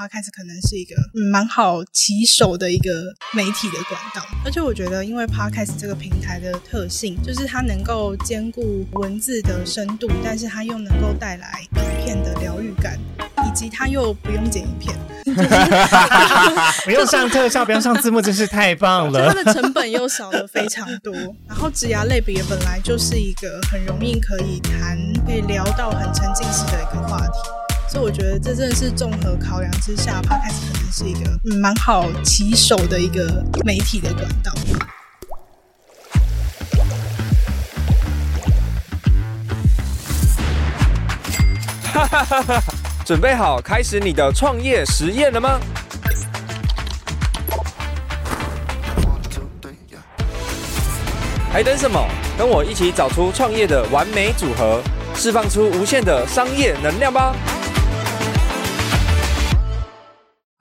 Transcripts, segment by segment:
Podcast 可能是一個嗯、蠻好起手的一個媒體的管道，而且我覺得，因為 Podcast 這個平台的特性，就是它能夠兼顧文字的深度，但是它又能夠帶來影片的療癒感，以及它又不用剪影片，不用上特效， 不用上字幕， 真是太棒了。它的成本又少了非常多， 然後職涯類別也本來就是一個很容易可以談、可以聊到很沉浸式的一個話題。所以我覺得這真是綜合考量，之下，Podcast 可能是一個嗯、蠻好起手的一個媒體的管道。到 準備好開始你的創業實驗了嗎？還等什麼？跟我一起找出創業的完美組合，釋放出無限的商業能量吧！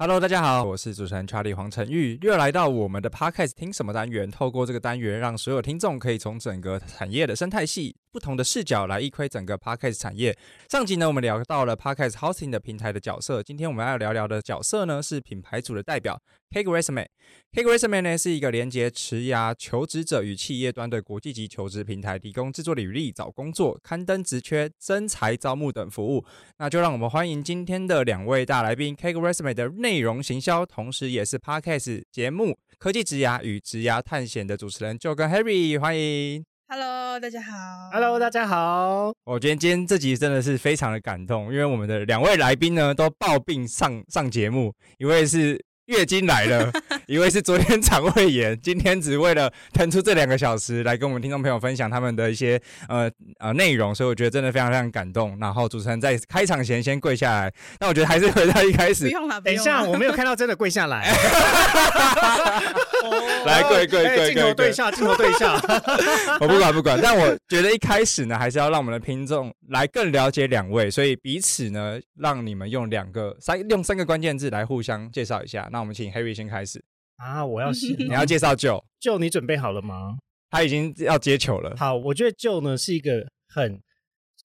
Hello，大家好，我是主持人 Charlie 黃晨玉。又來到我們的 Podcast，聽什麼單元，透過這個單元，讓所有聽眾可以從整個產業的生態系，不同的視角來一窺整個 Podcast 產業。上集呢，我們聊到了 Podcast Hosting 的平台的角色。今天我們要聊聊的角色呢，是品牌組的代表 CakeResume，CakeResume 呢，是一個連接職涯求職者與企業端的國際級求職平台，提供製作履歷、找工作、刊登職缺、徵才招募等服務。那就讓我們歡迎今天的兩位大來賓 CakeResume 的內容行銷，同時也是 Podcast 節目《科技職涯與職涯探險》的主持人，Jo 就跟 Henry 歡迎。Hello，大家好。Hello，大家好。我覺得今天這集真的是非常的感動，因為我們的兩位來賓呢都抱病上上節目，一位是月經來了， 一位是昨天腸胃炎，今天只為了騰出這兩個小時來跟我們聽眾朋友分享他們的一些呃呃內容，所以我覺得真的非常非常感動。然後主持人在開場前先跪下來，那我覺得還是回到一開始，不用了，不用了。等一下，我沒有看到真的跪下來。 來，對對對對，欸，鏡頭對一下，鏡頭對一下。 我不管不管，但我覺得一開始呢，還是要讓我們的聽眾來更了解兩位，所以彼此呢，讓你們用兩個三用三個關鍵字來互相介紹一下。那我們請 Henry 先開始啊，我要是你要介紹 Jo，Jo， Jo, 你準備好了嗎？他已經要接球了。好，我覺得 Jo 呢是一個很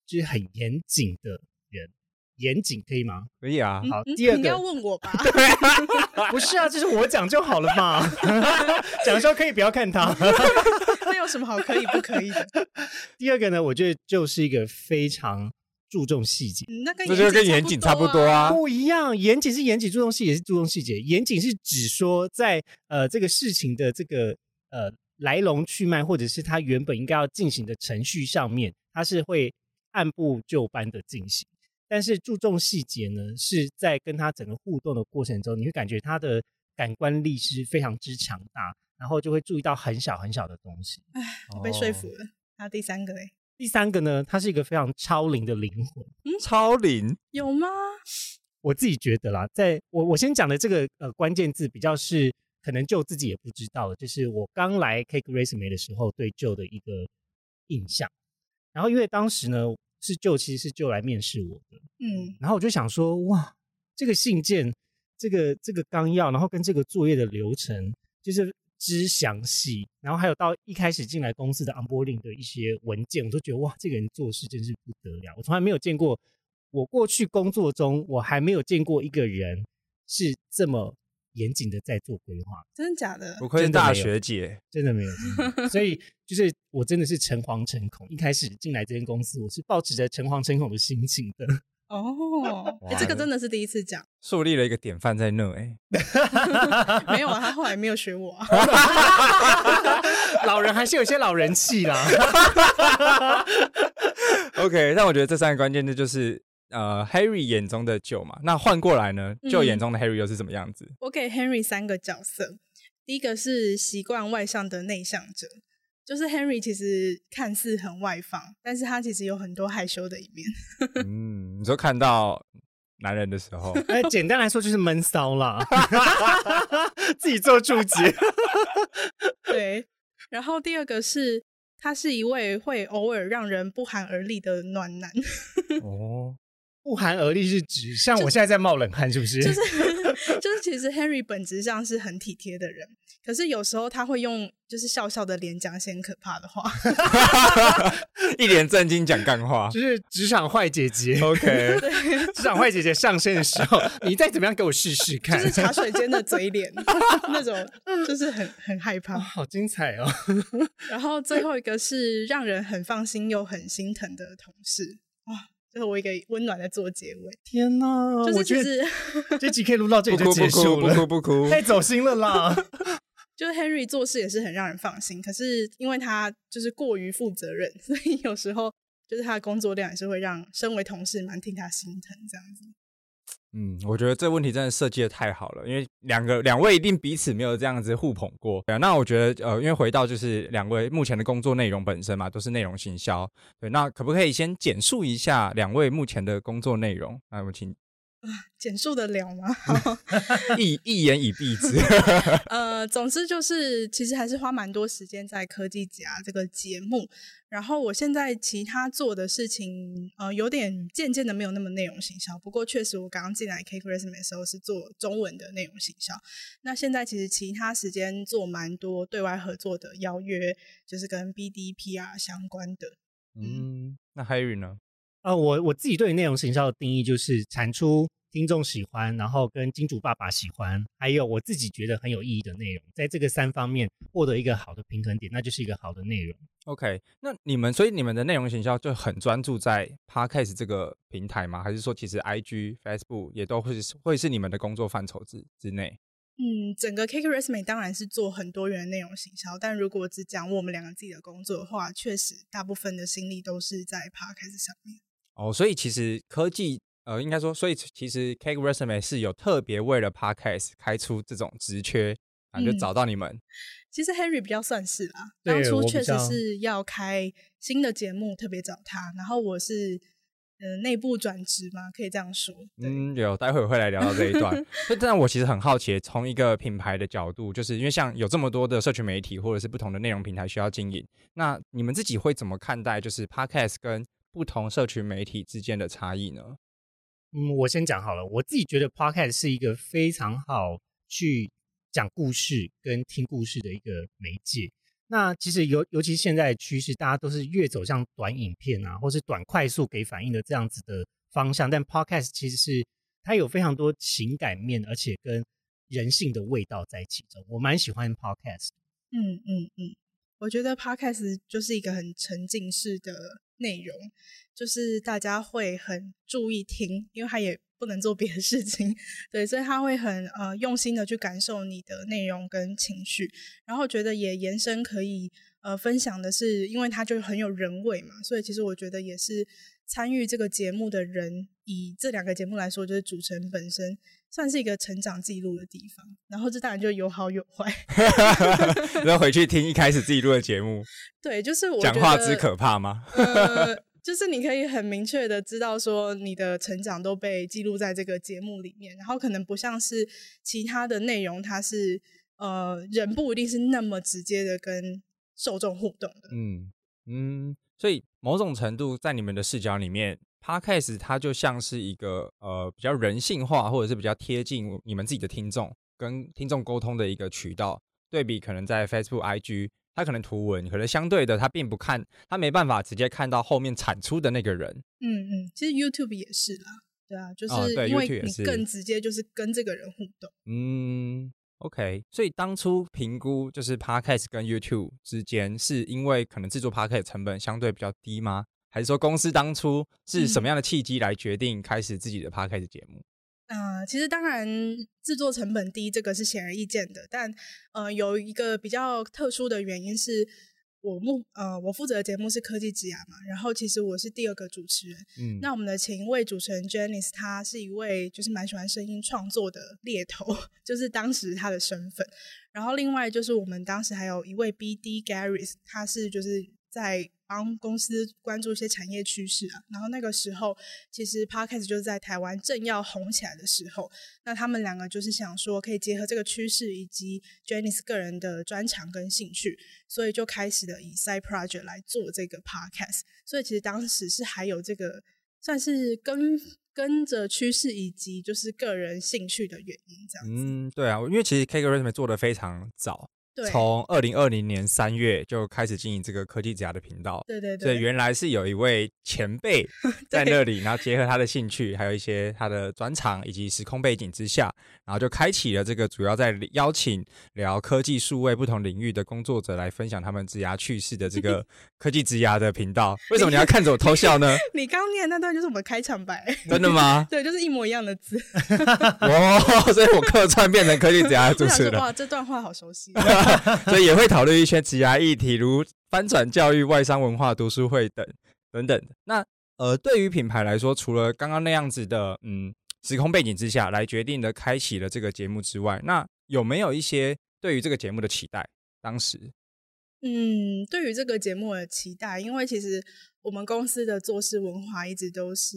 就是很嚴謹的。嚴謹可以嗎？可以啊，好，嗯嗯、第二個你不要問我吧。對， 不是啊，就是我講就好了嘛。講說可以不要看他。 那有什麼好可以不可以的？ 第二個呢，我覺得就是一個非常注重細節。那跟嚴謹差不多啊？不一樣。嚴謹是嚴謹，注重細節是注重細節。嚴謹是指說在呃這個事情的這個呃來龍去脈，或者是他原本應該要進行的程序上面，它是會按部就班的進行。但是注重細節呢，是在跟他整個互動的過程中，你會感覺他的感官力是非常之強大，然後就會注意到很小很小的東西。哎，我被說服了。還有、哦、第三個嘞，第三個呢？他是一個非常超齡的靈魂。嗯，超齡有嗎？我自己覺得啦，在我我先講的這個呃關鍵字比較是可能 Jo 自己也不知道的，就是我剛來 CakeResume 的時候對 Jo 的一個印象。然後因為當時呢。是就，其實是就來面試我的。嗯，然後我就想說，哇，這個信件，這個這個綱要，然後跟這個作業的流程，就是之詳細，然後還有到一開始進來公司的 onboarding 的一些文件，我都覺得哇，這個人做事真是不得了，我從來沒有見過，我過去工作中我還沒有見過一個人是這麼。嚴謹的在做規劃，真的假的？不愧是大學姐真，真的沒有。所以就是我真的是誠惶誠恐， 一開始進來這間公司，我是抱持著誠惶誠恐的心情的。哦、 欸，這個真的是第一次講，樹立了一個典範在那。哎、欸， 沒有啊，他後來沒有學我、啊。 老人還是有些老人氣啦。 OK，那我覺得這三個關鍵的就是。呃，Henry 眼中的 Jo 嘛，那換過來呢，Jo 眼中的 Henry 又是什麼樣子？嗯，我給 Henry 三個角色，第一個是習慣外向的內向者，就是 Henry 其實看似很外放，但是他其實有很多害羞的一面。嗯，你說看到男人的時候，哎，簡單來說就是悶騷啦 自己做注解。 對，然後第二個是他是一位會偶爾讓人不寒而栗的暖男。哦。不寒而栗是指像我現在在冒冷汗，是不是？就是就是，就是、其實 Henry 本質上是很體貼的人，可是有時候他會用就是笑笑的臉講一些可怕的話， 一臉正經講幹話，就是職場壞姐姐。OK，對職場壞姐姐上線的時候，你再怎麼樣給我試試看，就是茶水間的嘴臉 那種，就是很很害怕。哦，好精彩哦！然後最後一個是讓人很放心又很心疼的同事。就是我一個溫暖的做結尾。天哪、啊，我覺得這集可以錄到這裡就結束了，不哭不哭，不哭不哭，太走心了啦。 就是 Henry 做事也是很讓人放心，可是因為他就是過於負責任，所以有時候就是他的工作量也是會讓身為同事蠻替他心疼這樣子。嗯，我覺得這問題真的設計得太好了，因為兩個兩位一定彼此沒有這樣子互捧過，對啊。那我覺得，呃，因為回到就是兩位目前的工作內容本身嘛，都是內容行銷。對，那可不可以先簡述一下兩位目前的工作內容？那，啊，我們請。簡述得了嗎？ 一一言以蔽之。 呃，總之就是，其實還是花蠻多時間在科技職涯這個節目。然後我現在其他做的事情，呃，有點漸漸的沒有那麼內容行銷。不過確實，我剛剛進來 CakeResume 的時候是做中文的內容行銷。那現在其實其他時間做蠻多對外合作的邀約，就是跟 BDPR 相關的。嗯，嗯，那 Henry 呢？呃，我我自己對於內容行銷的定義就是產出聽眾喜歡，然後跟金主爸爸喜歡，還有我自己覺得很有意義的內容，在這個三方面獲得一個好的平衡點，那就是一個好的內容。OK，那你們所以你們的內容行銷就很專注在 Podcast 這個平台嗎？還是說其實 IG、Facebook 也都會會是你們的工作範疇之之內？嗯，整個 CakeResume 當然是做很多元的內容行銷，但如果只講我們兩個自己的工作的話，確實大部分的心力都是在 Podcast 上面。哦，所以其實科技，呃，應該說，所以其實 Cake Resume 是有特別為了 Podcast 開出這種職缺，然後就找到你們。嗯、其實 Henry 比較算是啦，對當初確實是要開新的節目，特別找他。然後我是，呃，內部轉職嘛，可以這樣說。嗯，有，待會兒會來聊到這一段。 但，我其實很好奇，從一個品牌的角度，就是因為像有這麼多的社群媒體或者是不同的內容平台需要經營，那你們自己會怎麼看待？就是 Podcast 跟不同社群媒體之間的差異呢？嗯，我先講好了。我自己覺得 Podcast 是一個非常好去講故事跟聽故事的一個媒介。那其實尤尤其現在趨勢，大家都是越走向短影片啊，或是短快速給反應的這樣子的方向。但 Podcast 其實是它有非常多情感面，而且跟人性的味道在其中。我蠻喜歡 Podcast。嗯嗯嗯。嗯我覺得 Podcast 就是一個很沉浸式的內容，就是大家會很注意聽，因為他也不能做別的事情，對，所以他會很呃用心的去感受你的內容跟情緒，然後覺得也延伸可以呃分享的是，因為他就很有人味嘛，所以其實我覺得也是參與這個節目的人，以這兩個節目來說，就是主持人本身。算是一個成長記錄的地方，然後這當然就有好有壞。要 回去聽一開始自己錄的節目？對，就是我講話之可怕嗎 呃？就是你可以很明確的知道說你的成長都被記錄在這個節目裡面，然後可能不像是其他的內容，它是呃人不一定是那麼直接的跟受眾互動的。嗯嗯，所以某種程度在你們的視角裡面。Podcast 它就像是一個呃比較人性化，或者是比較貼近你們自己的聽眾，跟聽眾溝通的一個渠道。對比可能在 Facebook、IG，它可能圖文，可能相對的它並不看，它沒辦法直接看到後面產出的那個人。嗯嗯，其實 YouTube 也是啦，對啊，就是因為你更直接就是跟這個人互動。嗯，對，YouTube 也是。嗯，OK，所以當初評估就是 Podcast 跟 YouTube 之間，是因為可能制作 Podcast 成本相對比較低嗎？還是說公司當初是什麼樣的契機來決定開始自己的 Podcast 節目？嗯、呃，其實當然制作成本低，這個是顯而易見的。但，呃，有一個比較特殊的原因是，我負呃我負責的節目是科技職涯嘛，然後其實我是第二個主持人。嗯，那我們的前一位主持人 Janice，她是一位就是蠻喜歡聲音創作的獵頭，就是當時她的身份。然後另外就是我們當時還有一位 BD Garis，她是就是。在幫公司關注一些產業趨勢啊，然後那個時候其實 Podcast 就是在台灣正要紅起來的時候，那他們兩個就是想說可以結合這個趨勢以及 Janice 個人的專長跟興趣，所以就開始了以 Side Project 來做這個 Podcast，所以其實當時是還有這個算是跟跟着趨勢以及就是個人興趣的原因這樣。嗯，對啊，因為其實 CakeResume 做得非常早。對從二零二零年三月就開始經營這個科技職涯的頻道，對對對，原來是有一位前輩在那裡，對然後結合他的興趣，對還有一些他的專長以及時空背景之下，然後就開啟了這個主要在邀請聊科技數位不同領域的工作者來分享他們職涯趣事的這個科技職涯的頻道。 為什麼你要看着我偷笑呢？ 你剛念那段就是我們開場白，真的嗎？ 對，就是一模一樣的字。 哦，所以我客串變成科技職涯的主持人。哇 哦，這段話好熟悉。 所以也會討論一些職涯議題，如翻轉教育、外商文化、讀書會等等等。那呃，對於品牌來說，除了剛剛那樣子的嗯時空背景之下來決定的開啟了這個節目之外，那有沒有一些對於這個節目的期待？當時。嗯，對於這個節目的期待，因為其實我們公司的做事文化一直都是，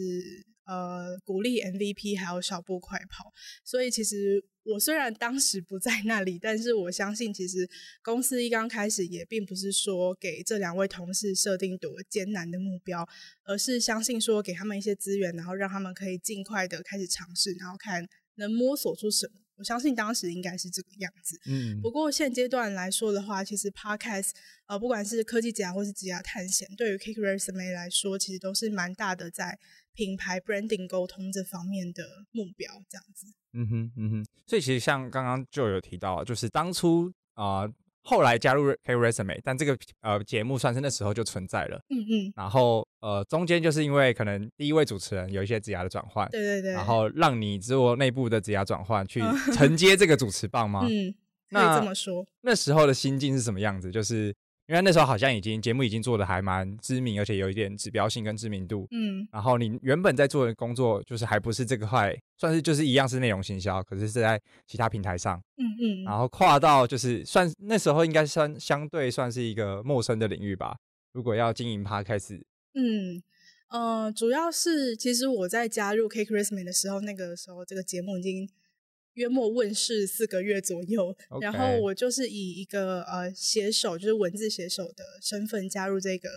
呃，鼓勵 MVP 還有小步快跑，所以其實我雖然當時不在那裡，但是我相信，其實公司一剛開始也並不是說給這兩位同事設定多艱難的目標，而是相信說給他們一些資源，然後讓他們可以儘快的開始嘗試，然後看能摸索出什麼。我相信當時應該是這個樣子。嗯。不過現階段來說的話，其實 Podcast 呃，不管是科技職涯，或是職涯探險，對於 CakeResume 來說，其實都是蠻大的在品牌 branding 溝通這方面的目標這樣子。嗯哼，嗯哼。所以其實像剛剛就有提到，就是當初啊。呃後來加入《CakeResume》，但這個呃節目算是那時候就存在了。嗯嗯哼。然後呃，中間就是因為可能第一位主持人有一些職涯的轉換。對對對。然後讓你做內部的職涯轉換，去承接這個主持棒嗎？ 嗯，那可以這麼說。那時候的心境是什麼樣子？就是。因為那時候好像已經節目已經做的還蠻知名，而且有一點指標性跟知名度。嗯，然後你原本在做的工作就是還不是這個塊，算是就是一樣是內容行銷，可是是在其他平台上。嗯嗯，嗯然後跨到就是算那時候應該算相對算是一個陌生的領域吧。如果要經營它，開始嗯嗯、呃，主要是其實我在加入 CakeResume 的時候，那個時候這個節目已經。約莫問世四個月左右，Okay. 然後我就是以一個呃寫手，就是文字寫手的身份加入這個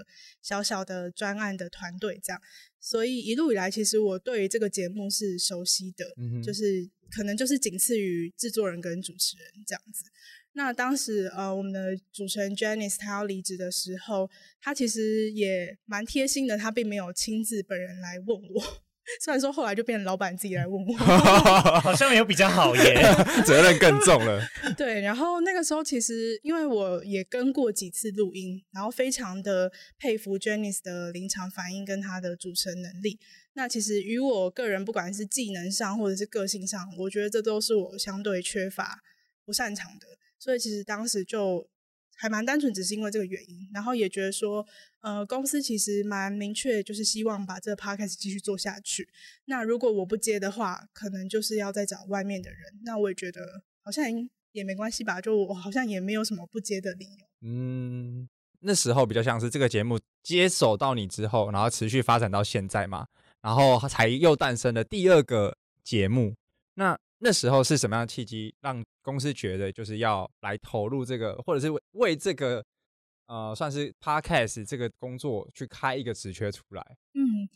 小小的專案的團隊，這樣。所以一路以來，其實我對於這個節目是熟悉的，嗯、哼就是可能就是僅次於制作人跟主持人這樣子。那當時呃我們的主持人 Janice 他要離職的時候，他其實也蠻貼心的，他並沒有親自本人來問我。雖然說後來就變老闆自己來問我， 好像有比較好耶， 責任更重了。 對，然後那個時候其實，因為我也跟過幾次錄音，然後非常的佩服 Jenny 的臨場反應跟她的主持人能力。那其實與我個人不管是技能上或者是個性上，我覺得這都是我相對缺乏、不擅長的。所以其實當時就。還蠻單純，只是因為這個原因，然後也覺得說，呃，公司其實蠻明確，就是希望把這個 podcast 繼續做下去。那如果我不接的話，可能就是要再找外面的人。那我也覺得好像也沒關係吧，就我好像也沒有什麼不接的理由。嗯，那時候比較像是這個節目接手到你之後，然後持續發展到現在嘛，然後才又誕生了第二個節目。那那時候是什麼樣的契機，讓公司覺得就是要來投入這個，或者是為這個呃，算是 Podcast 這個工作去開一個職缺出來？嗯，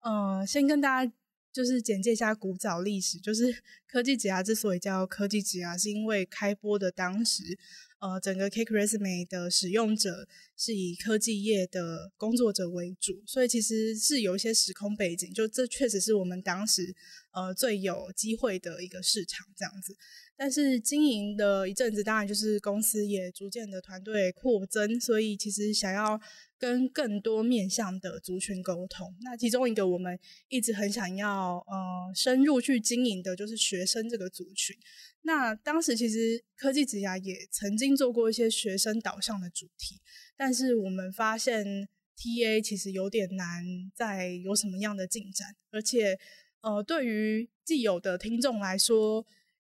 呃，先跟大家就是簡介一下古早歷史，就是科技職涯之所以叫科技職涯，是因為開播的當時。呃，整個 CakeResume 的使用者是以科技業的工作者為主，所以其實是有一些時空背景，就這確實是我們當時呃最有機會的一個市場，這樣子。但是經營的一陣子，當然就是公司也逐漸的團隊擴增，所以其實想要。跟更多面向的族群溝通，那其中一個我們一直很想要呃深入去經營的，就是學生這個族群。那當時其實科技職涯也曾經做過一些學生導向的主題，但是我們發現 T A 其實有點難再有什麼樣的進展，而且呃對於既有的聽眾來說，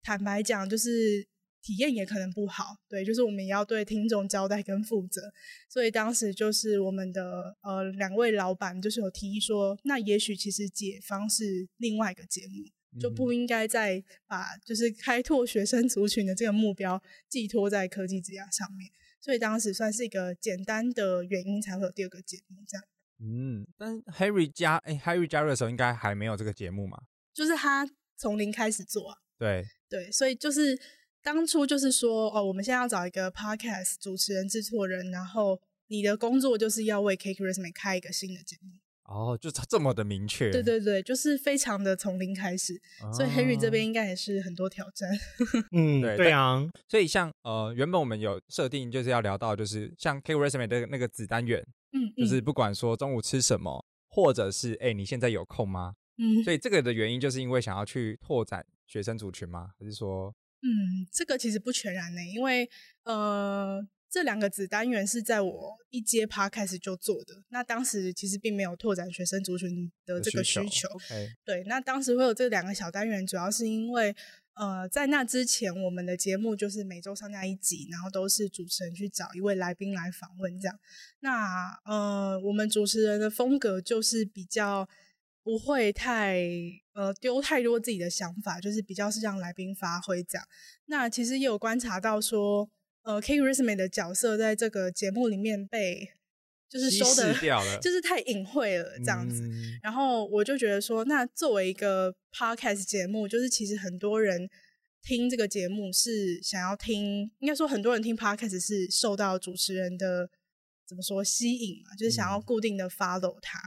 坦白講就是。體驗也可能不好，對，就是我們也要對聽眾交代跟負責，所以當時就是我們的呃兩位老闆就是有提議說，那也許其實解方是另外一個節目，就不應該再把就是開拓學生族群的這個目標寄托在科技職涯上面，所以當時算是一個簡單的原因才會有第二個節目這樣。嗯，但 Henry 加誒 Henry 加的時候應該還沒有這個節目嘛？就是他從零開始做啊。對對，所以就是。當初就是說，哦，我們現在要找一個 podcast 主持人、製作人，然後你的工作就是要為 Cake Resume 開一個新的節目。哦，就這麼的明確。對對對，就是非常的從零開始，哦、所以 Henry 這邊應該也是很多挑戰。嗯， 對對啊。所以像呃，原本我們有設定就是要聊到，就是像 Cake Resume 的那個子單元、嗯，嗯，就是不管說中午吃什麼，或者是哎、欸、你現在有空嗎？嗯，所以這個的原因就是因為想要去拓展學生族群嗎？還是說？嗯，這個其實不全然呢、欸，因為呃，這兩個子單元是在我一接趴開始就做的，那當時其實並沒有拓展學生族群的這個需求。需求 okay，對，那當時會有這兩個小單元，主要是因為呃，在那之前我們的節目就是每周上架一集，然後都是主持人去找一位來賓來訪問這樣。那呃，我們主持人的風格就是比較。不會太呃丟太多自己的想法，就是比較是讓來賓發揮這樣。那其實也有觀察到說，呃，CakeResume 的角色在這個節目裡面被就是收的， 就是太隱晦了這樣子。嗯、然後我就覺得說，那作為一個 Podcast 節目，就是其實很多人聽這個節目是想要聽，應該說很多人聽 Podcast 是受到主持人的。怎麼說吸引嘛，就是想要固定的 follow 他。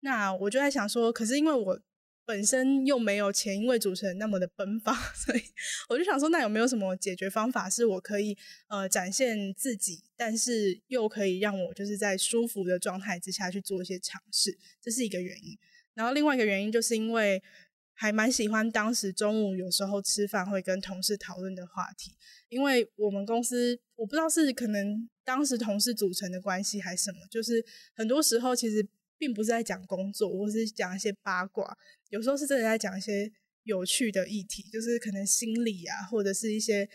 那我就在想說，可是因為我本身又沒有前一位主持人那麼的奔放，所以我就想說，那有沒有什麼解決方法，是我可以呃展現自己，但是又可以讓我就是在舒服的狀態之下去做一些嘗試，這是一個原因。然後另外一個原因，就是因為還蠻喜歡當時中午有時候吃飯會跟同事討論的話題，因為我們公司我不知道是可能。當時同事組成的關係還是什麼，就是很多時候其實並不是在講工作，或是講一些八卦，有時候是真的在講一些有趣的議題，就是可能心理啊，或者是一些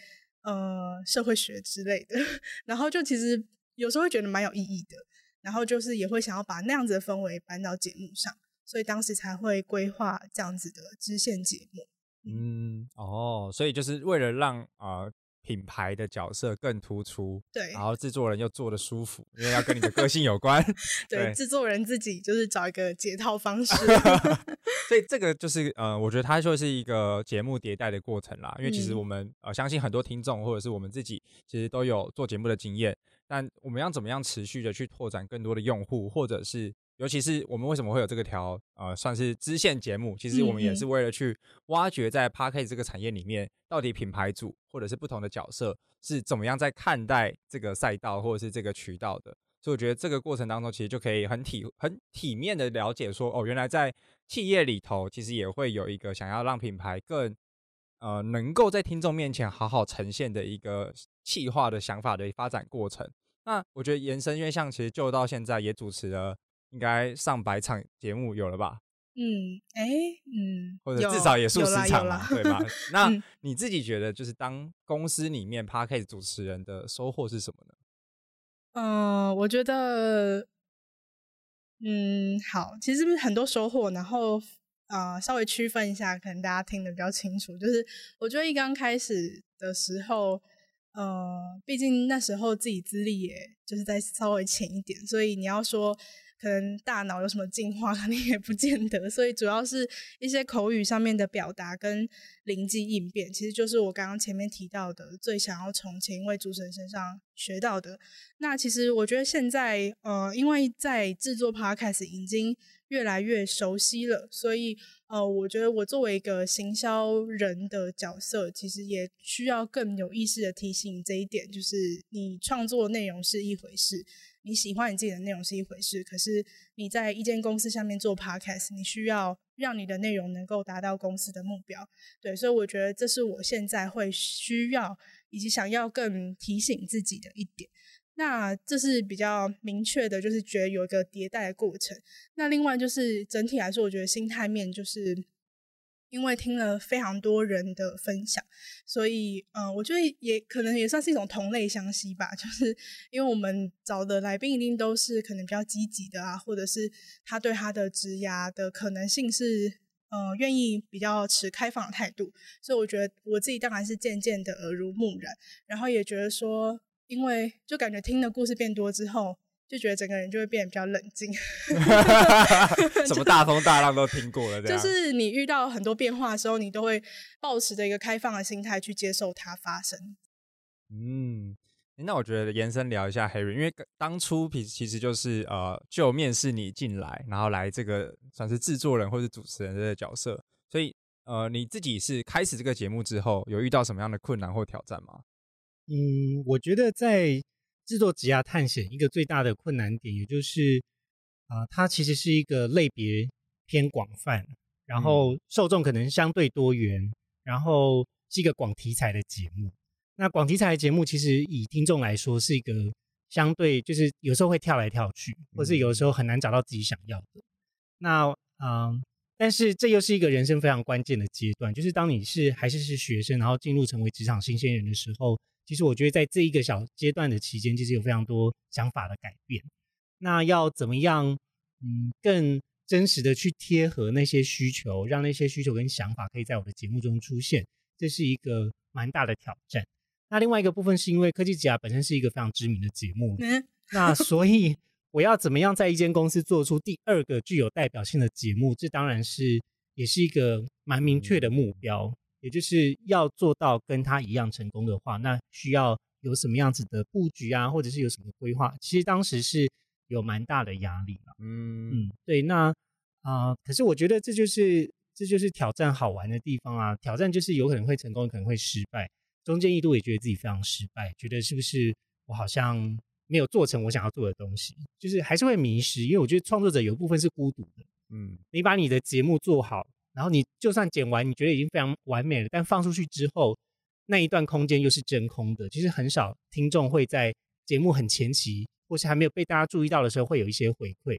呃社會學之類的， 然後就其實有時候會覺得蠻有意義的，然後就是也會想要把那樣子的氛圍搬到節目上，所以當時才會規劃這樣子的支線節目。嗯，嗯，哦，所以就是為了讓啊。呃品牌的角色更突出，對，然後製作人又做得舒服，因為要跟你的個性有關， 對，製對作人自己就是找一個解套方式， 所以這個就是呃，我覺得它就是一個節目迭代的過程啦，因為其實我們呃相信很多聽眾或者是我們自己其實都有做節目的經驗，但我們要怎麼樣持續的去拓展更多的用戶，或者是。尤其是我們為什麼會有這個條呃，算是支線節目。其實我們也是為了去挖掘在 Podcast 這個產業裡面，到底品牌主或者是不同的角色是怎麼樣在看待這個賽道或者是這個渠道的。所以我覺得這個過程當中，其實就可以很體很體面的了解說，哦，原來在企業裡頭，其實也會有一個想要讓品牌更呃能夠在聽眾面前好好呈現的一個企劃的想法的發展過程。那我覺得延伸，因為像其實就到現在也主持了。應該上百場節目有了吧？嗯，哎、欸，嗯，或者至少也數有十場嘛，對吧？ 嗯、那你自己覺得，就是當公司裡面 podcast 主持人的收穫是什麼呢？嗯、呃，我覺得，嗯，好，其實不是很多收穫，然後啊、呃，稍微區分一下，可能大家聽得比較清楚，就是我覺得一剛開始的時候，嗯、呃，畢竟那時候自己資歷也就是在稍微淺一點，所以你要說。可能大腦有什麼進化，肯定也不見得，所以主要是一些口語上面的表達跟靈機應變，其實就是我剛剛前面提到的，最想要從前一位主持人身上學到的。那其實我覺得現在，呃，因為在製作 podcast 已經越來越熟悉了，所以呃，我覺得我作為一個行銷人的角色，其實也需要更有意識的提醒這一點，就是你創作內容是一回事。你喜歡你自己的內容是一回事，可是你在一間公司下面做 Podcast，你需要讓你的內容能夠達到公司的目標。對，所以我覺得這是我現在會需要以及想要更提醒自己的一點。那這是比較明確的，就是覺得有一個迭代的過程。那另外就是整體來說，我覺得心態面就是。因為聽了非常多人的分享，所以，嗯、呃，我覺得也可能也算是一種同類相吸吧。就是因為我們找的來賓一定都是可能比較積極的啊，或者是他對他的職涯的可能性是，呃，願意比較持開放的態度。所以，我覺得我自己當然是漸漸的耳濡目染，然後也覺得說，因為就感覺聽的故事變多之後。就覺得整個人就會變得比較冷靜 什麼大風大浪都聽過了， 這樣，就是你遇到很多變化的時候，你都會抱持著一個開放的心態去接受它發生。嗯，那我覺得延伸聊一下 Henry，因為當初其實就是呃，就面試你進來，然後來這個算是製作人或是主持人的角色，所以呃，你自己是開始這個節目之後，有遇到什麼樣的困難或挑戰嗎？嗯，我覺得在。製作《職涯探險》一個最大的困難點，也就是，啊，它其實是一個類別偏廣泛，然後受眾可能相對多元，然後是一個廣題材的節目。那廣題材的節目，其實以聽眾來說，是一個相對就是有時候會跳來跳去，或是有時候很難找到自己想要的。那嗯、呃，但是這又是一個人生非常關鍵的階段，就是當你是還是是學生，然後進入成為職場新鮮人的時候。其實我覺得在這一個小階段的期間，其實有非常多想法的改變。那要怎麼樣，嗯，更真實的去貼合那些需求，讓那些需求跟想法可以在我的節目中出現，這是一個蠻大的挑戰。那另外一個部分是因為科技職涯本身是一個非常知名的節目，嗯、 那所以我要怎麼樣在一間公司做出第二個具有代表性的節目，這當然是也是一個蠻明確的目標。也就是要做到跟他一樣成功的話，那需要有什麼樣子的布局啊，或者是有什麼規劃？其實當時是有蠻大的壓力啦。嗯，嗯，對，那啊，呃，可是我覺得這就是這就是挑戰好玩的地方啊，挑戰就是有可能會成功，可能會失敗，中間一度也覺得自己非常失敗，覺得是不是我好像沒有做成我想要做的東西，就是還是會迷失，因為我覺得創作者有一部分是孤獨的。嗯，你把你的節目做好。然後你就算剪完，你覺得已經非常完美了，但放出去之後，那一段空間又是真空的。其實很少聽眾會在節目很前期或是還沒有被大家注意到的時候，會有一些回饋。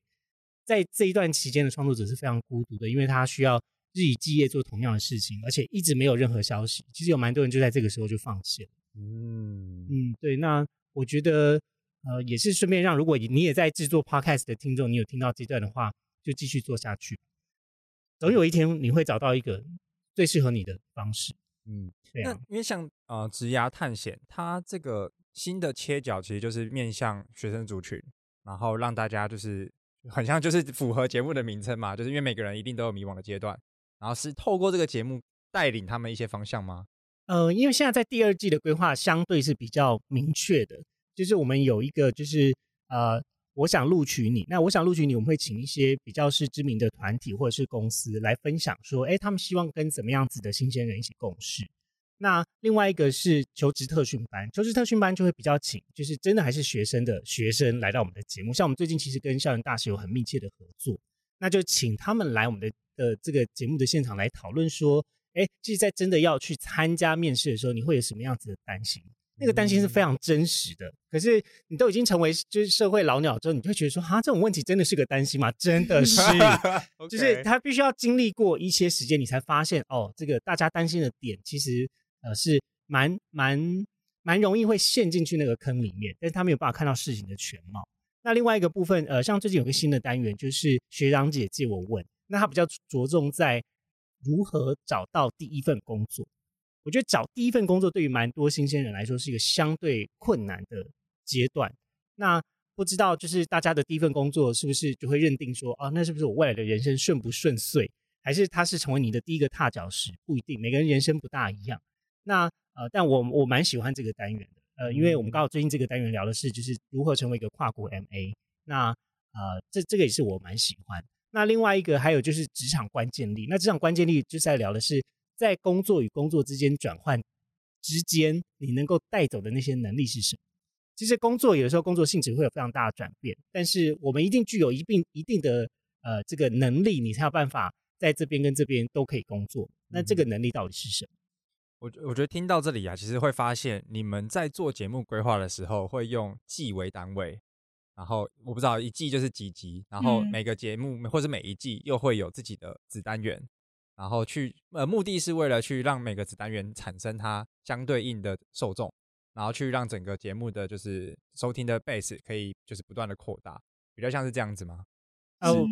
在這一段期間的創作者是非常孤獨的，因為他需要日以繼夜做同樣的事情，而且一直沒有任何消息。其實有蠻多人就在這個時候就放棄了。嗯嗯，對。那我覺得，呃，也是順便讓，如果你你也在制作 Podcast 的聽眾，你有聽到這段的話，就繼續做下去。總有一天你會找到一個最適合你的方式，嗯，對啊。嗯，那因為像呃，職涯探險，它這個新的切角其實就是面向學生族群，然後讓大家就是很像就是符合節目的名稱嘛，就是因為每個人一定都有迷茫的階段，然後是透過這個節目帶領他們一些方向嗎？呃，因為現在在第二季的規劃相對是比較明確的，就是我們有一個就是呃。我想錄取你，那我想錄取你，我們會請一些比較是知名的團體或者是公司來分享，說，哎，他們希望跟怎麼樣子的新鮮人一起共事。那另外一個是求職特訓班，求職特訓班就會比較請，就是真的還是學生的學生來到我們的節目，像我們最近其實跟校園大使有很密切的合作，那就請他們來我們的呃這個節目的現場來討論說，哎，其實在真的要去參加面試的時候，你會有什麼樣子的擔心？那個擔心是非常真實的，可是你都已經成為就是社會老鳥之後，你就會覺得說，啊，這種問題真的是個擔心嗎？真的是， Okay. 就是他必須要經歷過一些時間，你才發現哦，這個大家擔心的點其實呃是蠻蠻蠻容易會陷進去那個坑裡面，但是他沒有辦法看到事情的全貌。那另外一個部分，呃，像最近有個新的單元，就是學長姐借我問，那他比較着重在如何找到第一份工作。我覺得找第一份工作對於蠻多新鮮人來說是一個相對困難的階段。那不知道就是大家的第一份工作是不是就會認定說，啊，那是不是我未來的人生順不順遂？還是它是成為你的第一個踏腳石？不一定，每個人人生不大一樣。那呃，但我我蠻喜歡這個單元的，呃，因為我們剛好最近這個單元聊的是就是如何成為一個跨國 MA。那呃，這這個也是我蠻喜歡。那另外一個還有就是職場關鍵力，那職場關鍵力就在聊的是。在工作與工作之間轉換之間，你能夠帶走的那些能力是什麼？其實工作有的時候工作性質會有非常大的轉變，但是我們一定具有一定一定的呃這個能力，你才有辦法在這邊跟這邊都可以工作。那這個能力到底是什麼？我我覺得聽到這裡啊，其實會發現你們在做節目規劃的時候會用季為單位，然後我不知道一季就是幾集，然後每個節目或者每一季又會有自己的子單元。然後去呃，目的是為了去讓每個子單元產生它相對應的受眾，然後去讓整個節目的就是收聽的 base 可以就是不斷的擴大，比較像是這樣子嗎？啊、嗯，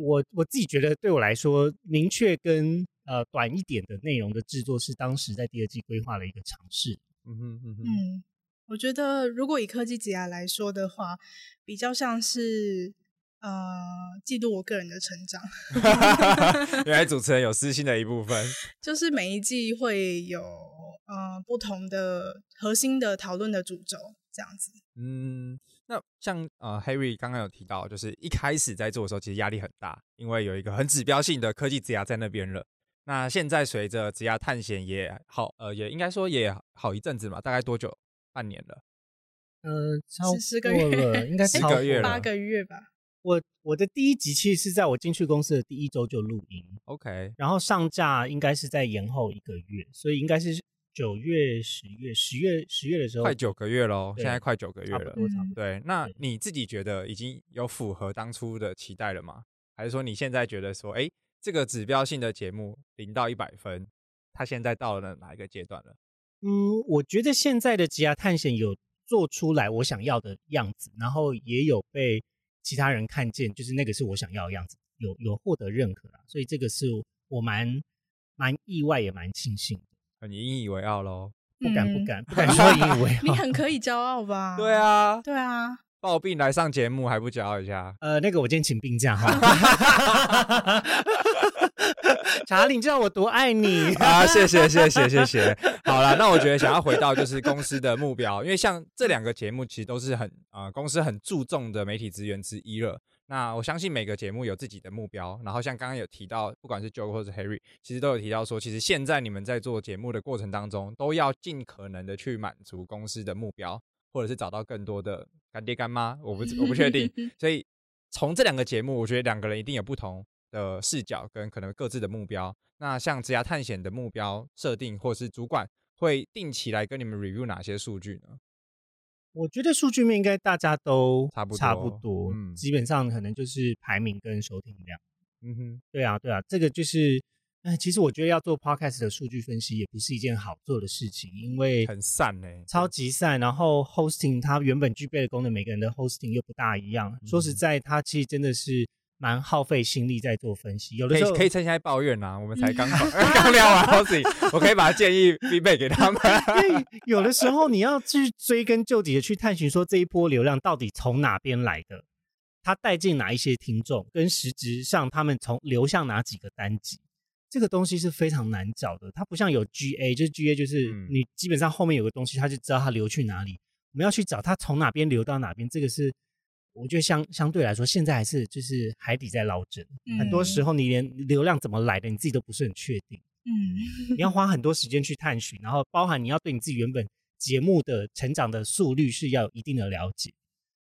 我我自己覺得對我來說，明確跟呃短一點的內容的制作是當時在第二季規劃的一個嘗試。嗯哼嗯嗯嗯，我覺得如果以科技職涯來說的話，比較像是。呃，記錄我個人的成長。 原來主持人有私心的一部分，就是每一季會有呃不同的核心的討論的主軸這樣子。嗯，那像呃 Henry 剛剛有提到，就是一開始在做的時候，其實壓力很大，因為有一個很指標性的科技職涯在那邊了。那現在隨着職涯探險也好，呃，也應該說也好一陣子嘛，大概多久？半年了。呃，超過月，應該十個月，八個月吧。我我的第一集其實是在我進去公司的第一周就錄音，OK，然後上架應該是在延後一個月，所以應該是九月、十月、十月、十月的時候，快九個月嘍，對現在快九個月了。啊、對，那你自己覺得已經有符合當初的期待了嗎？還是說你現在覺得說，哎、欸，這個指標性的節目零到一百分，它現在到了哪一個階段了？嗯，我覺得現在的職涯探險有做出來我想要的樣子，然後也有被。其他人看見，就是那個是我想要的樣子，有有獲得認可啊，所以這個是我蠻蠻意外，也蠻慶幸的。你引以為傲咯？不敢不敢，不敢說引以為傲，嗯。 你很可以驕傲吧？ 對啊，對啊，抱病來上節目還不驕傲一下？呃，那個我今天請病假哈。 查理，你知道我多愛你啊！謝謝謝謝謝謝。好了，那我覺得想要回到就是公司的目標，因為像這兩個節目其實都是很啊、呃、公司很注重的媒體資源之一了。那我相信每個節目有自己的目標，然後像剛剛有提到，不管是 Joe 或者 Henry，其實都有提到說，其實現在你們在做節目的過程當中，都要盡可能的去滿足公司的目標，或者是找到更多的乾爹乾媽。我不我不確定， 所以從這兩個節目，我覺得兩個人一定有不同。的視角跟可能各自的目標，那像職涯探險的目標設定，或是主管會定期來跟你們 review 哪些數據呢？我覺得數據面應該大家都差不多，差不多嗯，基本上可能就是排名跟收聽量。嗯哼，對啊，對啊，這個就是，呃、其實我覺得要做 podcast 的數據分析也不是一件好做的事情，因為很散嘞、欸，超級散。然後 hosting 它原本具備的功能，每個人的 hosting 又不大一樣。嗯、說實在，它其實真的是。蠻耗費心力在做分析，有的時候可以，可以趁現在抱怨吶、啊。我們才剛 剛聊完， 我可以把他建議必備給他們。有的時候你要去追根究底的去探尋，說這一波流量到底從哪邊來的，他帶進哪一些聽眾，跟實質上他們從流向哪幾個單集，這個東西是非常難找的。它不像有 GA，就是 GA，就是你基本上後面有個東西，他就知道他流去哪裡。我們要去找他從哪邊流到哪邊，這個是。我覺得相相對來說，現在還是就是海底在撈針，嗯、很多時候你連流量怎麼來的，你自己都不是很確定。嗯，你要花很多時間去探尋，然後包含你要對你自己原本節目的成長的速率是要有一定的了解，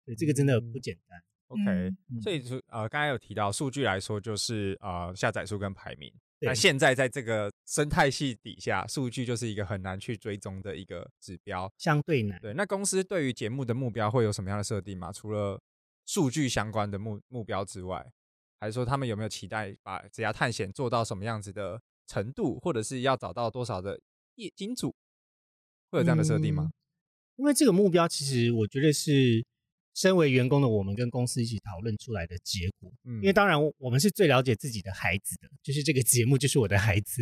對，這個真的不簡單。OK，所以就呃剛才有提到數據來說，就是啊、呃、下載數跟排名。那現在在這個生態系底下，數據就是一個很難去追蹤的一個指標，相對難。對，那公司對於節目的目標會有什麼樣的設定嗎？除了數據相關的目目標之外，還是說他們有沒有期待把《職涯探險》做到什麼樣子的程度，或者是要找到多少的業金主，會有這樣的設定嗎？嗯，因為這個目標其實我覺得是身為員工的我們跟公司一起討論出來的結果，因為當然我們是最了解自己的孩子的，就是這個節目就是我的孩子，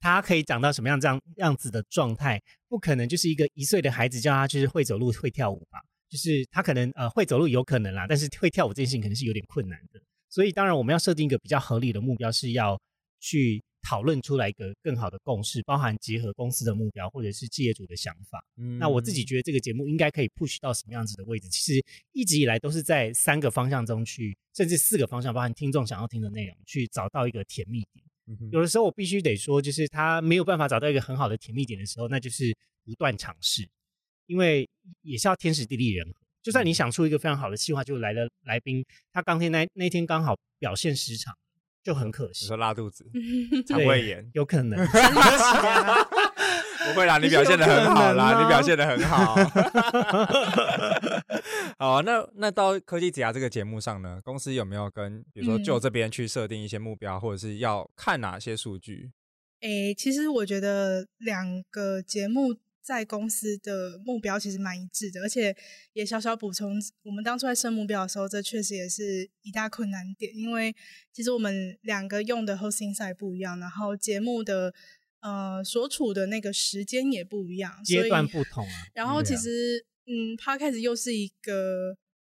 他可以長到什麼樣這樣樣子的狀態，不可能就是一個一歲的孩子叫他就是會走路會跳舞吧，就是他可能呃會走路有可能啦，但是會跳舞這件事情可能是有點困難的，所以當然我們要設定一個比較合理的目標是要去。討論出來一個更好的共識，包含結合公司的目標或者是企業主的想法。嗯，那我自己覺得這個節目應該可以 push 到什麼樣子的位置？其實一直以來都是在三個方向中去，甚至四個方向，包含聽眾想要聽的內容，去找到一個甜蜜點。嗯，有的時候我必須得說，就是他沒有辦法找到一個很好的甜蜜點的時候，那就是不斷嘗試，因為也是要天時地利人和。就算你想出一個非常好的計劃，就來了來賓，他當天那那天剛好表現失常。就很可惜，你說拉肚子，腸胃炎，有可能，不會啦，你表現的很好啦，啊、你表現的很好， 好、啊，那那到科技職涯這個節目上呢，公司有沒有跟，比如說就這邊去設定一些目標，嗯、或者是要看哪些數據？誒、欸，其實我覺得兩個節目。在公司的目標其實蠻一致的，而且也小小補充，我們當初在設目標的時候，這確實也是一大困難點，因為其實我們兩個用的 hosting site 不一樣，然後節目的呃所處的那個時間也不一樣，所以，階段不同，然後其實嗯，podcast 又是一個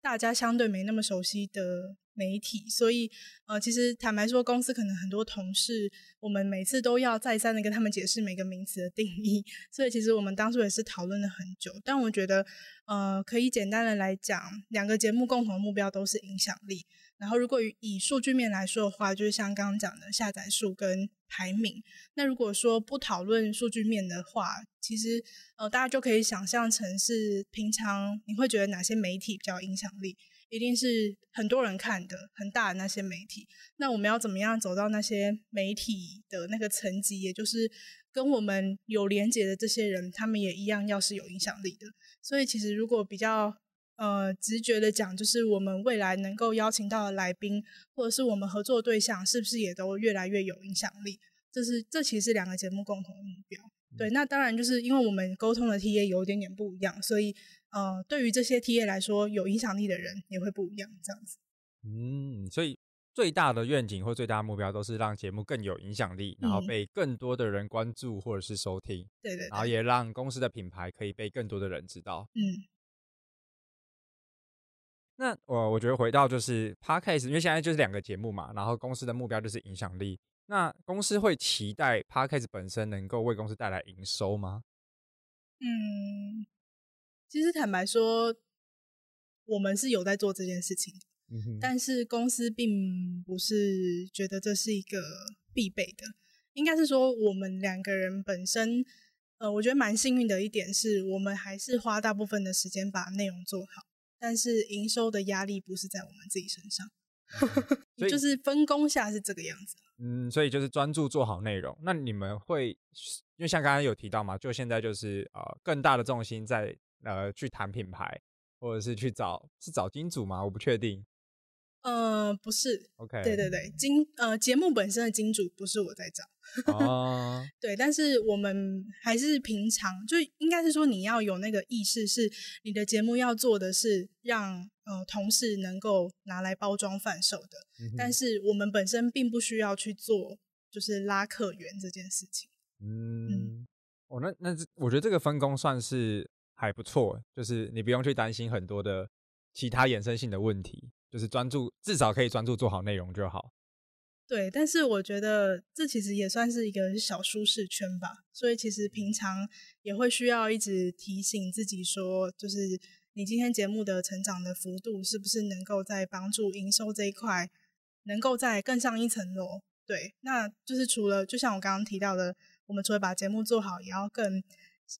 大家相對沒那麼熟悉的。媒體，所以呃，其實坦白說，公司可能很多同事，我們每次都要再三的跟他們解釋每個名詞的定義。所以其實我們當初也是討論了很久，但我覺得呃，可以簡單的來講，兩個節目共同的目標都是影響力。然後如果以，以數據面來說的話，就是像剛剛講的下載數跟排名。那如果說不討論數據面的話，其實呃，大家就可以想象成是平常你會覺得哪些媒體比較有影響力？一定是很多人看的很大的那些媒體，那我們要怎麼樣走到那些媒體的那個層級？也就是跟我們有連結的這些人，他們也一樣要是有影響力的。所以其實如果比較呃直覺的講，就是我們未來能夠邀請到的來賓，或者是我們合作對象，是不是也都越來越有影響力？這是這其實是兩個節目共同的目標。嗯、對，那當然就是因為我們溝通的 TA 有一點點不一樣，所以。呃，對於這些 TA 來說，有影響力的人也會不一樣，這樣子。嗯，所以最大的願景或最大的目標都是讓節目更有影響力，嗯、然後被更多的人關注或者是收聽。對，對對。然後也讓公司的品牌可以被更多的人知道。嗯。那我、呃、我覺得回到就是 Podcast，因為現在就是兩個節目嘛，然後公司的目標就是影響力。那公司會期待 Podcast 本身能夠為公司帶來營收嗎？嗯。其實坦白說，我們是有在做這件事情的、嗯、哼但是公司並不是覺得這是一個必備的。應該是說，我們兩個人本身，呃，我覺得蠻幸運的一點是，我們還是花大部分的時間把內容做好，但是營收的壓力不是在我們自己身上，嗯、 就是分工下是這個樣子。嗯，所以就是專注做好內容。那你們會，因為像剛剛有提到嘛，就現在就是、呃、更大的重心在。呃，去談品牌，或者是去找是找金主嗎？我不確定。呃，不是。OK，對對對，金呃，節目本身的金主不是我在找。哦、啊。 對，但是我們還是平常，就應該是說你要有那個意識，是你的節目要做的是讓呃同事能夠拿來包裝販售的。嗯、哼但是我們本身並不需要去做就是拉客源這件事情。嗯。嗯哦，那那我覺得這個分工算是。還不錯，就是你不用去擔心很多的其他衍生性的問題，就是專注，至少可以專注做好內容就好。對，但是我覺得這其實也算是一個小舒適圈吧，所以其實平常也會需要一直提醒自己說，就是你今天節目的成長的幅度是不是能夠在幫助營收這一塊，能夠再更上一層樓。對，那就是除了就像我剛剛提到的，我們除了把節目做好，也要更。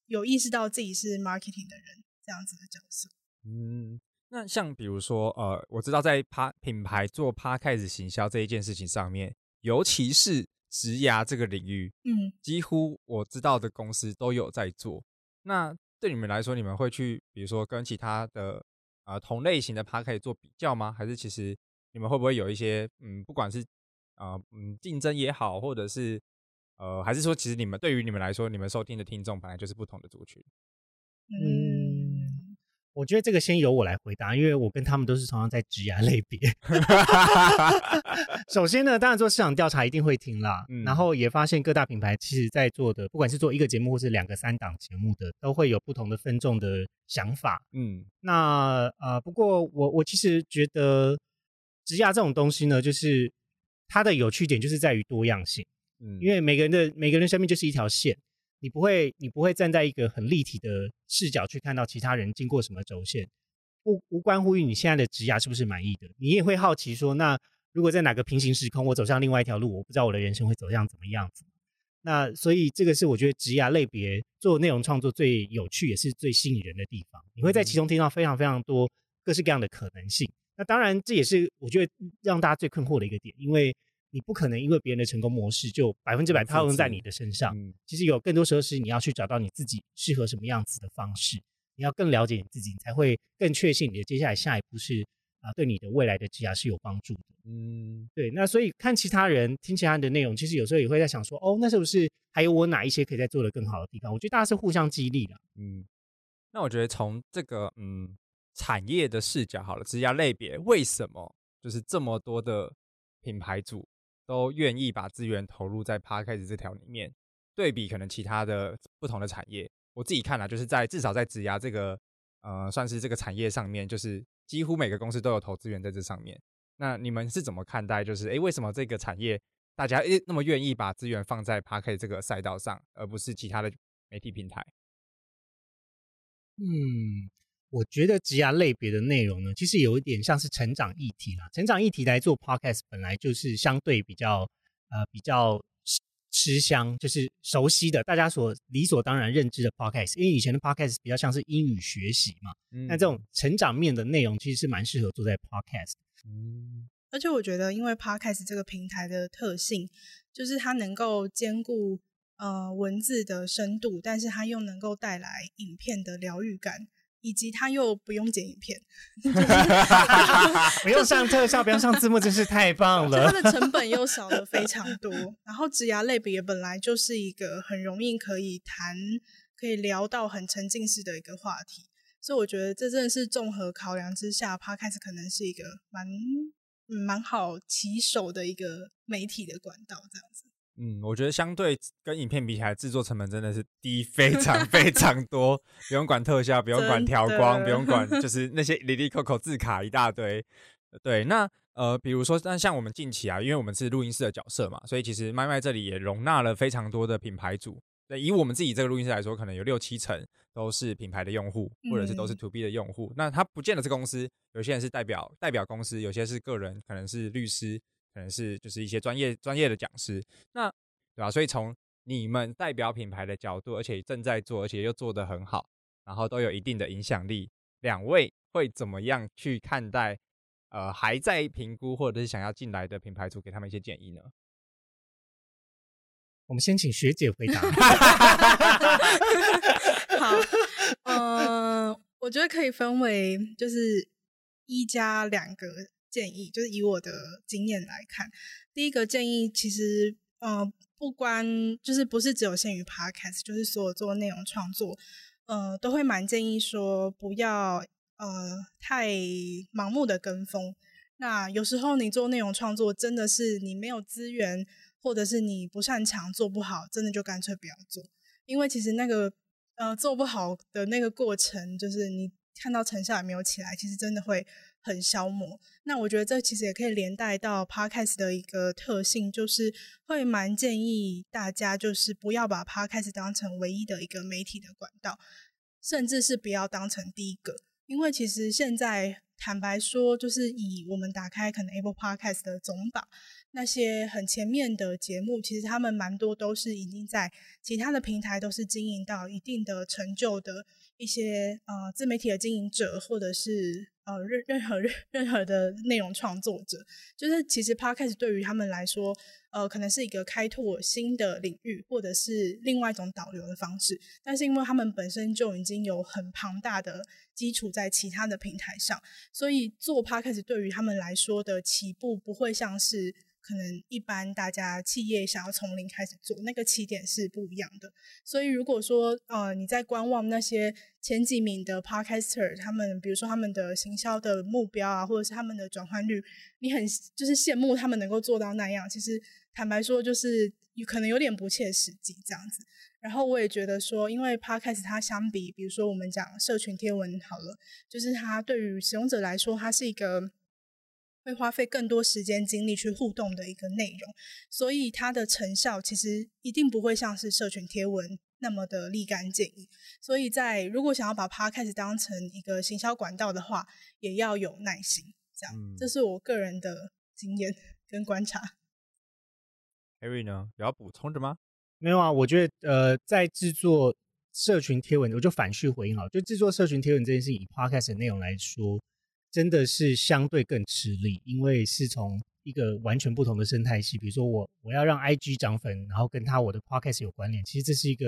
有意識到自己是 marketing 的人這樣子的角色。嗯，那像比如說，呃，我知道在趴品牌做 Podcast 行銷這一件事情上面，尤其是職涯這個領域，嗯，幾乎我知道的公司都有在做。嗯、那對你們來說，你們會去比如說跟其他的啊、呃、同類型的 Podcast 做比較嗎？還是其實你們會不會有一些嗯，不管是啊、呃、嗯競爭也好，或者是？呃，還是說，其實你們對於你們來說，你們收聽的聽眾本來就是不同的族群。嗯，我覺得這個先由我來回答，因為我跟他們都是常常在職涯類別。 首先呢，當然做市場調查一定會聽啦，嗯、然後也發現各大品牌其實在做的，不管是做一個節目或是兩個、三檔節目的，都會有不同的分眾的想法。嗯，那呃，不過我我其實覺得職涯這種東西呢，就是它的有趣點就是在於多樣性。嗯，因為每個人的每個人生命就是一條線，你不會你不會站在一個很立體的視角去看到其他人經過什麼軸線，不無關乎於你現在的職涯是不是滿意的，你也會好奇說，那如果在哪個平行時空，我走上另外一條路，我不知道我的人生會走向怎麼樣子。那所以這個是我覺得職涯類別做內容創作最有趣也是最吸引人的地方，你會在其中聽到非常非常多各式各樣的可能性。那當然這也是我覺得讓大家最困惑的一個點，因為。你不可能因為別人的成功模式就百分之百套用在你的身上。嗯，其實有更多時候是你要去找到你自己適合什麼樣子的方式，你要更了解你自己，你才會更確信你的接下來下一步是啊對你的未來的職涯是有幫助的。嗯，對。那所以看其他人，聽其他人的內容，其實有時候也會在想說，哦，那是不是還有我哪一些可以再做的更好的地方？我覺得大家是互相激勵的。嗯，那我覺得從這個嗯產業的視角好了，職涯類別為什麼就是這麼多的品牌主？都願意把資源投入在 Podcast 這條裡面，對比可能其他的不同的產業，我自己看啊，就是在至少在職涯這個呃，算是這個產業上面，就是幾乎每個公司都有投資源在這上面。那你們是怎麼看待？就是哎、欸，為什麼這個產業大家、欸、那麼願意把資源放在 Podcast 這個賽道上，而不是其他的媒體平台？嗯。我覺得職涯類別的內容呢，其實有一點像是成長議題啦。成長議題來做 podcast，本來就是相對比較呃比較吃香，就是熟悉的，大家所理所當然認知的 podcast。因為以前的 podcast 比較像是英語學習嘛，那、嗯、這種成長面的內容，其實是蠻適合做在 podcast 的。嗯，而且我覺得，因為 podcast 這個平台的特性，就是它能夠兼顧呃文字的深度，但是它又能夠帶來影片的療癒感。以及他又不用剪影片，不用上特效， 不用上字幕，真、就是太棒了。它的成本又少了非常多。 然後職涯類別本來就是一個很容易可以談、可以聊到很沉浸式的一個話題，所以我覺得這真的是綜合考量，之下，Podcast 可能是一個蠻、嗯、蠻好起手的一個媒體的管道，這樣子。嗯，我覺得相對跟影片比起來，製作成本真的是低非常非常多， 不用管特效，不用管調光，的不用管就是那些哩哩摳摳字卡一大堆。對，那呃，比如說，那像我們近期啊，因為我們是錄音室的角色嘛，所以其實麥麥這裡也容納了非常多的品牌主。那以我們自己這個錄音室來說，可能有六七成都是品牌的用戶，嗯、或者是都是 To B 的用戶。那他不見得是公司，有些人是代表代表公司，有些是個人，可能是律師。可能是就是一些專業專業的講師，那對吧？所以從你們代表品牌的角度，而且正在做，而且又做得很好，然後都有一定的影響力，兩位會怎麼樣去看待？呃，還在評估或者是想要進來的品牌主，給他們一些建議呢？我們先請學姐回答。 好，嗯、呃，我覺得可以分為就是一加兩個。建議就是以我的經驗來看，第一個建議其實，嗯、呃，不關就是不是只有限於 Podcast，就是所有做內容創作，嗯、呃，都會蠻建議說不要呃太盲目的跟風。那有時候你做內容創作，真的是你沒有資源，或者是你不擅長做不好，真的就乾脆不要做。因為其實那個呃做不好的那個過程，就是你看到成效也沒有起來，其實真的會。很消磨。那我覺得這其實也可以連帶到 Podcast 的一個特性，就是會蠻建議大家就是不要把 Podcast 當成唯一的一個媒體的管道，甚至是不要當成第一個。因為其實現在坦白說，就是以我們打開可能 Apple Podcast 的總榜，那些很前面的節目，其實他們蠻多都是已經在其他的平台都是經營到一定的成就的一些，呃，自媒體的經營者，或者是。呃，任任何任任何的內容創作者，就是其實 Podcast 對於他們來說，呃，可能是一個開拓新的領域，或者是另外一種導流的方式。但是，因為他們本身就已經有很龐大的基礎在其他的平台上，所以做 Podcast 對於他們來說的起步不會像是。可能一般大家企業想要從零開始做，那個起點是不一樣的。所以如果說呃你在觀望那些前幾名的 Podcaster，他們比如說他們的行銷的目標啊，或者是他們的轉換率，你很就是羨慕他們能夠做到那樣。其實坦白說，就是有可能有點不切實際這樣子。然後我也覺得說，因為 Podcast 它相比，比如說我們講社群貼文好了，就是它對於使用者來說，它是一個。會花費更多時間精力去互動的一個內容，所以它的成效其實一定不會像是社群貼文那麼的立竿見影。所以在如果想要把 podcast 當成一個行銷管道的話，也要有耐心。這樣，這是我個人的經驗跟觀察。Henry、嗯哎、呢，有要補充的嗎？沒有啊，我覺得呃，在制作社群貼文，我就反序回應好了，就制作社群貼文這件事以 podcast 的內容來說。真的是相對更吃力，因為是從一個完全不同的生態系。比如說我，我我要讓 IG 漲粉，然後跟他我的 podcast 有關聯，其實這是一個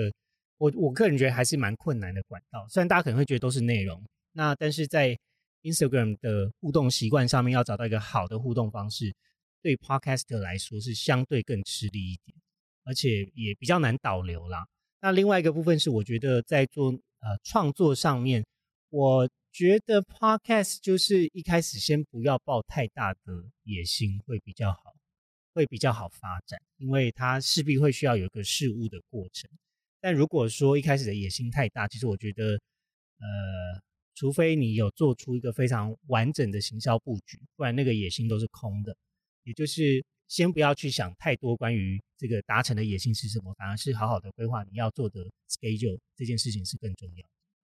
我我個人覺得還是蠻困難的管道。雖然大家可能會覺得都是內容，那但是在 Instagram 的互動習慣上面，要找到一個好的互動方式，對 podcast 來說是相對更吃力一點，而且也比較難導流啦。那另外一個部分是，我覺得在做呃創作上面，我覺得 Podcast 就是一開始先不要抱太大的野心會比較好，會比較好發展，因為它勢必會需要有一個試誤的過程。但如果說一開始的野心太大，其實我覺得，呃，除非你有做出一個非常完整的行銷布局，不然那個野心都是空的。也就是先不要去想太多關於這個達成的野心是什麼，反而是好好的規劃你要做的 schedule 這件事情是更重要的。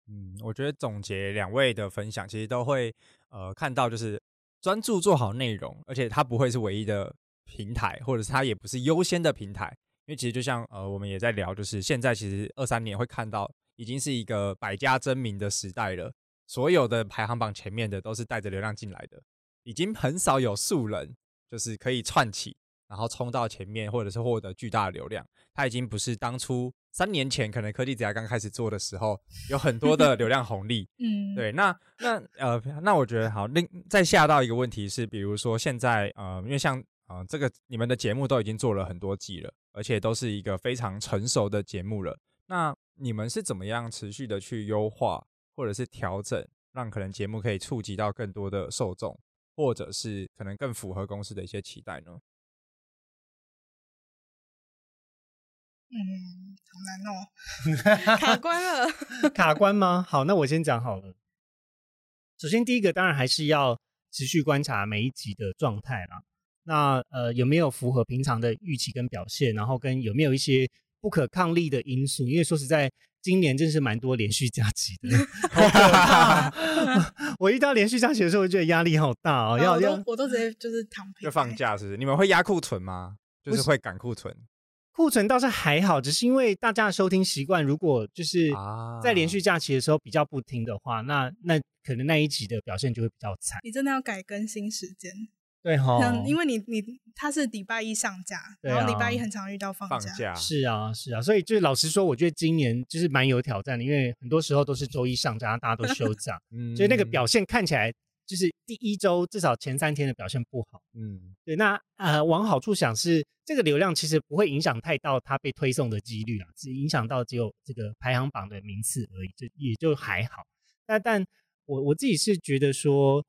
嗯，我覺得總結兩位的分享，其實都會呃看到，就是專注做好內容，而且它不會是唯一的平台，或者是它也不是優先的平台，因為其實就像呃我們也在聊，就是現在其實二三年會看到，已經是一個百家爭鳴的時代了，所有的排行榜前面的都是帶着流量進來的，已經很少有素人就是可以串起，然後衝到前面或者是獲得巨大的流量，它已經不是當初。三年前，可能科技職涯剛開始做的時候，有很多的流量紅利。 嗯，對。那那呃，那我覺得好。另再下到一個問題是，是比如說現在呃，因為像呃這個你們的節目都已經做了很多季了，而且都是一個非常成熟的節目了。那你們是怎麼樣持續的去優化或者是調整，讓可能節目可以觸及到更多的受眾，或者是可能更符合公司的一些期待呢？嗯，好難哦，卡關了。 卡關嗎？好，那我先講好了。首先，第一個當然還是要持續觀察每一集的狀態啦。那呃，有沒有符合平常的預期跟表現？然後跟有沒有一些不可抗力的因素？因為說實在，今年真是蠻多連續假期的。 我遇到， 到連續假期的時候，我覺得壓力好大哦、喔。啊、要要，我都直接就是躺平。就放假是不是？你們會壓庫存嗎？就是會趕庫存。庫存倒是還好，只是因為大家的收聽習慣，如果就是在連續假期的時候比較不聽的話，啊、那那可能那一集的表現就會比較慘。你真的要改更新時間？對哈、哦，因為你你他是禮拜一上架，哦、然後禮拜一很常遇到放假，放假是啊，是啊，所以就是老實說，我覺得今年就是蠻有挑戰的，因為很多時候都是周一上架，大家都休假，所以 那個表現看起來，就是第一週至少前三天的表現不好，嗯，對。那呃，往好處想是這個流量其實不會影響太到它被推送的幾率啊，只影響到只有這個排行榜的名次而已，這也就還好。那但我我自己是覺得說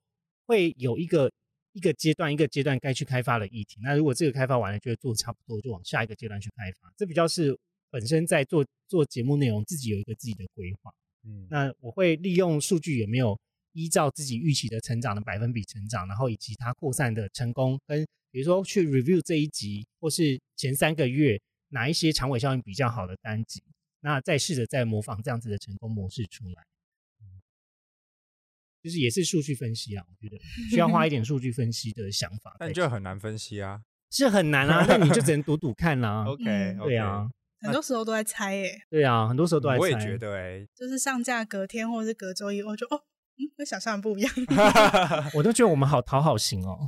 會有一個一個階段一個階段該去開發的議題。那如果這個開發完了，就會做差不多，就往下一個階段去開發。這比較是本身在做做節目內容，自己有一個自己的規劃。嗯，那我會利用數據有沒有。依照自己預期的成長的百分比成長，然後以及它擴散的成功，跟比如說去 review 這一集或是前三個月哪一些長尾效應比較好的單集，那再試着再模仿這樣子的成功模式出來，嗯、就是也是數據分析啊，我覺得需要花一點數據分析的想法。 但你就很難分析啊，是很難啊， 那你就只能賭賭看啦、啊。 OK，okay 對啊，很多時候都在猜耶、欸。對啊，很多時候都在猜。我也覺得哎、欸，就是上架隔天或者是隔周一，我就哦。跟想像不一樣， 我都覺得我們好討好型哦，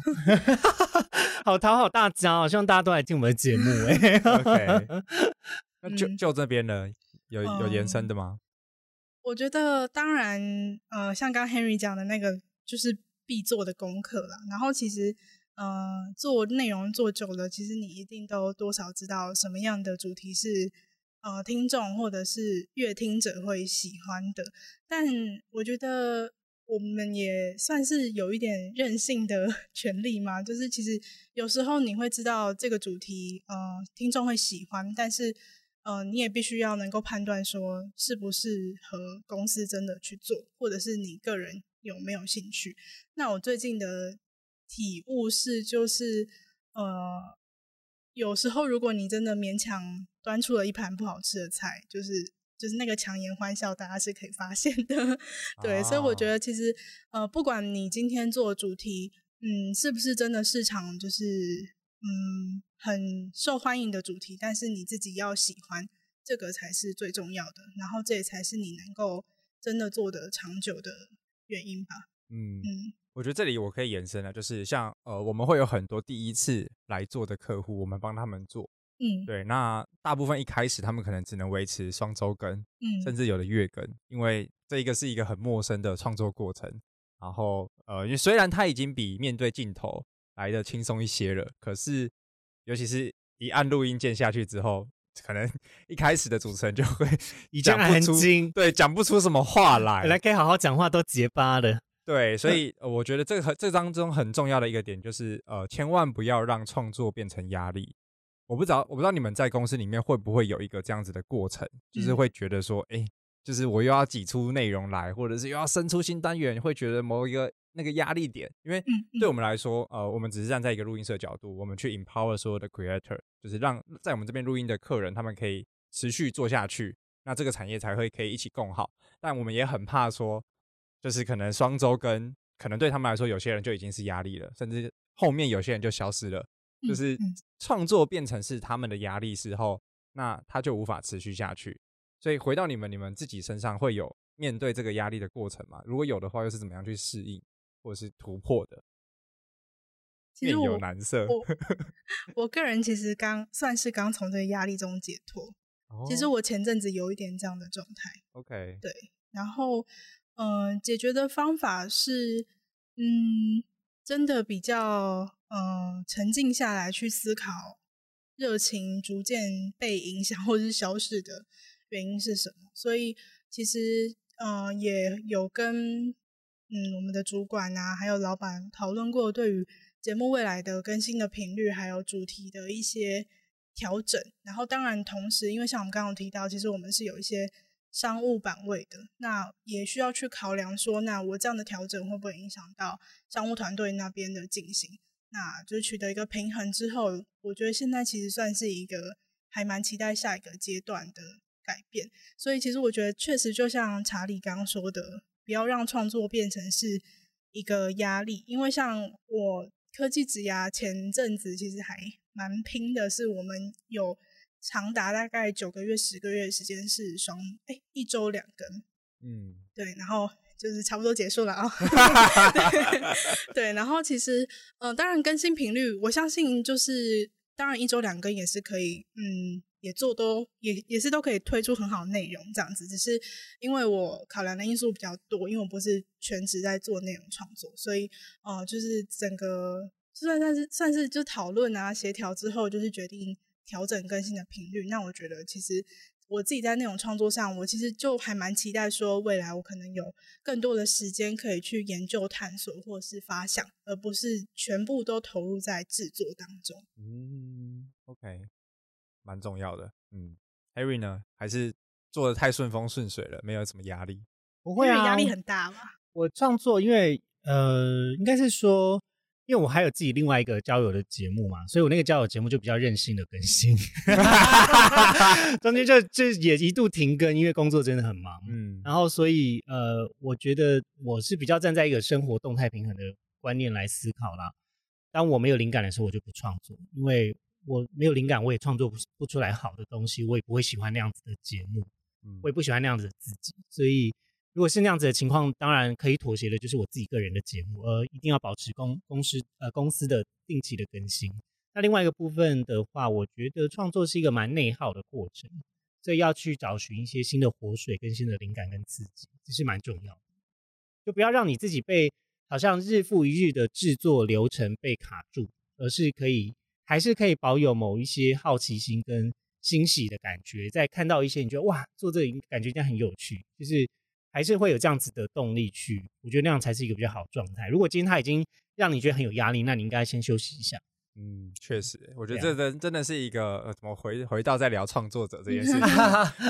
好討好大家，希望大家都來聽我們的節目、欸、 OK，就就這邊呢有有延伸的嗎、嗯呃？我覺得當然，呃，像剛 Henry 講的那個，就是必做的功課了。然後其實、呃，做內容做久了，其實你一定都多少知道什麼樣的主題是呃聽眾或者是閱聽者會喜歡的。但我覺得。我們也算是有一點任性的權利嘛，就是其實有時候你會知道這個主題呃聽眾會喜歡，但是呃你也必須要能夠判斷說適不適合公司真的去做，或者是你個人有沒有興趣。那我最近的體悟是，就是呃有時候如果你真的勉強端出了一盤不好吃的菜，就是。就是那個強顏歡笑，大家是可以發現的，哦、對，所以我覺得其實呃，不管你今天做主題，嗯，是不是真的市場就是嗯很受歡迎的主題，但是你自己要喜歡這個才是最重要的，然後這也才是你能夠真的做的長久的原因吧。嗯嗯，嗯我覺得這裡我可以延伸了，就是像呃，我們會有很多第一次來做的客戶，我們幫他們做。嗯，對，那大部分一開始他們可能只能維持雙周更，嗯，甚至有的月更，因為這一個是一個很陌生的創作過程。然後，呃，因為雖然它已經比面對鏡頭來得輕鬆一些了，可是，尤其是一按錄音鍵下去之後，可能一開始的主持人就會已經這很僵，對，講不出什麼話來。本來可以好好講話都結巴的。對，所以我覺得這個這當中很重要的一個點就是，呃，千萬不要讓創作變成壓力。我不知道，我不知道你們在公司裡面會不會有一個這樣子的過程，就是會覺得說，哎，就是我又要擠出內容來，或者是又要生出新單元，會覺得某一個那個壓力點，因為對我們來說，呃，我們只是站在一個錄音室的角度，我們去 empower 所有的 creator，就是讓在我們這邊錄音的客人他們可以持續做下去，那這個產業才會可以一起共好。但我們也很怕說，就是可能雙周更，可能對他們來說，有些人就已經是壓力了，甚至後面有些人就消失了。就是創作變成是他們的壓力時候，那他就無法持續下去。所以回到你們，你們自己身上會有面對這個壓力的過程嗎？如果有的話，又是怎麼樣去適應或者是突破的？其實有難色我我，我個人其實剛 算是剛從這個壓力中解脫。哦、其實我前陣子有一點這樣的狀態。OK，對，然後嗯、呃，解決的方法是嗯，真的比較。嗯、呃，沉靜下來去思考，熱情逐漸被影響或者是消失的原因是什麼？所以其實，呃，也有跟嗯我們的主管啊，還有老闆討論過，對於節目未來的更新的頻率，還有主題的一些調整。然後，當然同時，因為像我們剛剛提到，其實我們是有一些商務版位的，那也需要去考量說，那我這樣的調整會不會影響到商務團隊那邊的進行？那就取得一個平衡之後，我覺得現在其實算是一個還蠻期待下一個階段的改變。所以其實我覺得，確實就像查理剛剛說的，不要讓創作變成是一個壓力。因為像我科技職涯前陣子其實還蠻拼的，是我們有長達大概九個月十個月時間是雙哎一周兩更。嗯，對，然後。就是差不多結束了啊、喔， 對，然後其實，嗯、呃，當然更新頻率，我相信就是，當然一周兩更也是可以，嗯，也做都也也是都可以推出很好的內容這樣子，只是因為我考量的因素比較多，因為我不是全職在做內容創作，所以呃，就是整個就算算是算是就討論啊協調之後，就是決定調整更新的頻率，那我覺得其實。我自己在那種創作上，我其實就還蠻期待說，未來我可能有更多的時間可以去研究、探索或是發想，而不是全部都投入在製作當中。嗯，OK，蠻重要的。嗯，Henry 呢，還是做得太順風順水了，沒有什麼壓力。不會壓力很大嗎？啊？我創作，因為呃，應該是說。因為我還有自己另外一個交友的節目嘛，所以我那個交友節目就比較任性的更新， 中間就就也一度停更，因為工作真的很忙，嗯，然後所以呃，我覺得我是比較站在一個生活動態平衡的觀念來思考啦。當我沒有靈感的時候，我就不創作，因為我沒有靈感，我也創作不不出來好的東西，我也不會喜歡那樣子的節目，嗯，我也不喜歡那樣子的自己，所以。如果是那樣子的情況，當然可以妥協的，就是我自己個人的節目，而一定要保持公公司呃公司的定期的更新。那另外一個部分的話，我覺得創作是一個蠻內耗的過程，所以要去找尋一些新的活水、跟新的靈感跟刺激，這是蠻重要的。就不要讓你自己被好像日復一日的制作流程被卡住，而是可以還是可以保有某一些好奇心跟欣喜的感覺，在看到一些你覺得哇，做這個感覺應該很有趣，就是。還是會有這樣子的動力去，我覺得那樣才是一個比較好的狀態。如果今天他已經讓你覺得很有壓力，那你應該先休息一下。嗯，確實，我覺得這真真的是一個樣、呃、怎麼回回到，再聊創作者這件事情， 對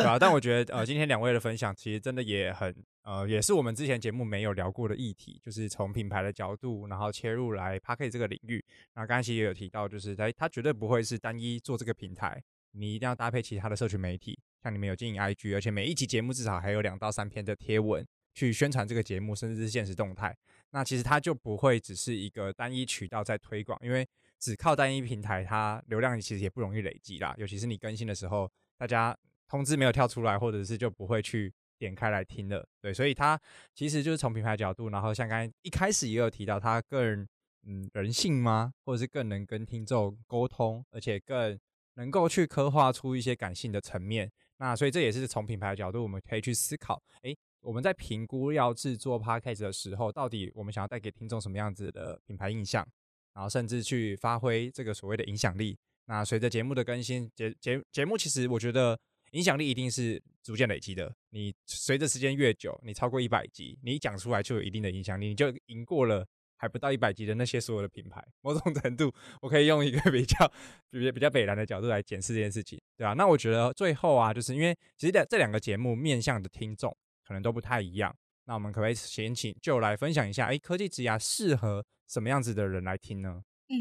吧、啊？但我覺得呃，今天兩位的分享其實真的也很呃，也是我們之前節目沒有聊過的議題，就是從品牌的角度，然後切入來 Podcast 這個領域。那剛剛其實也有提到，就是他他絕對不會是單一做這個平台，你一定要搭配其他的社群媒體。像你們有經營 IG，而且每一集節目至少還有兩到三篇的貼文去宣傳這個節目，甚至是限時動態。那其實它就不會只是一個單一渠道在推廣，因為只靠單一平台，它流量其實也不容易累積啦。尤其是你更新的時候，大家通知沒有跳出來，或者是就不會去點開來聽了。對，所以它其實就是從品牌角度，然後像剛才一開始也有提到，它更人嗯人性嗎，或者是更能跟聽眾溝通，而且更能夠去刻畫出一些感性的層面。那所以這也是從品牌的角度，我們可以去思考，誒，我們在評估要制作 Podcast 的時候，到底我們想要帶給聽眾什麼樣子的品牌印象，然後甚至去發揮這個所謂的影響力。那隨着節目的更新，節節節目其實我覺得影響力一定是逐漸累積的。你隨着時間越久，你超過一百集，你一講出來就有一定的影響力，你就贏過了。還不到一百集的那些所有的品牌，某種程度，我可以用一個比較、比較、比較北然的角度來檢視這件事情，對吧、啊？那我覺得最後啊，就是因為其實的這兩個節目面向的聽眾可能都不太一樣，那我們可不可以先請就來分享一下，哎，科技職涯適合什麼樣子的人來聽呢？嗯，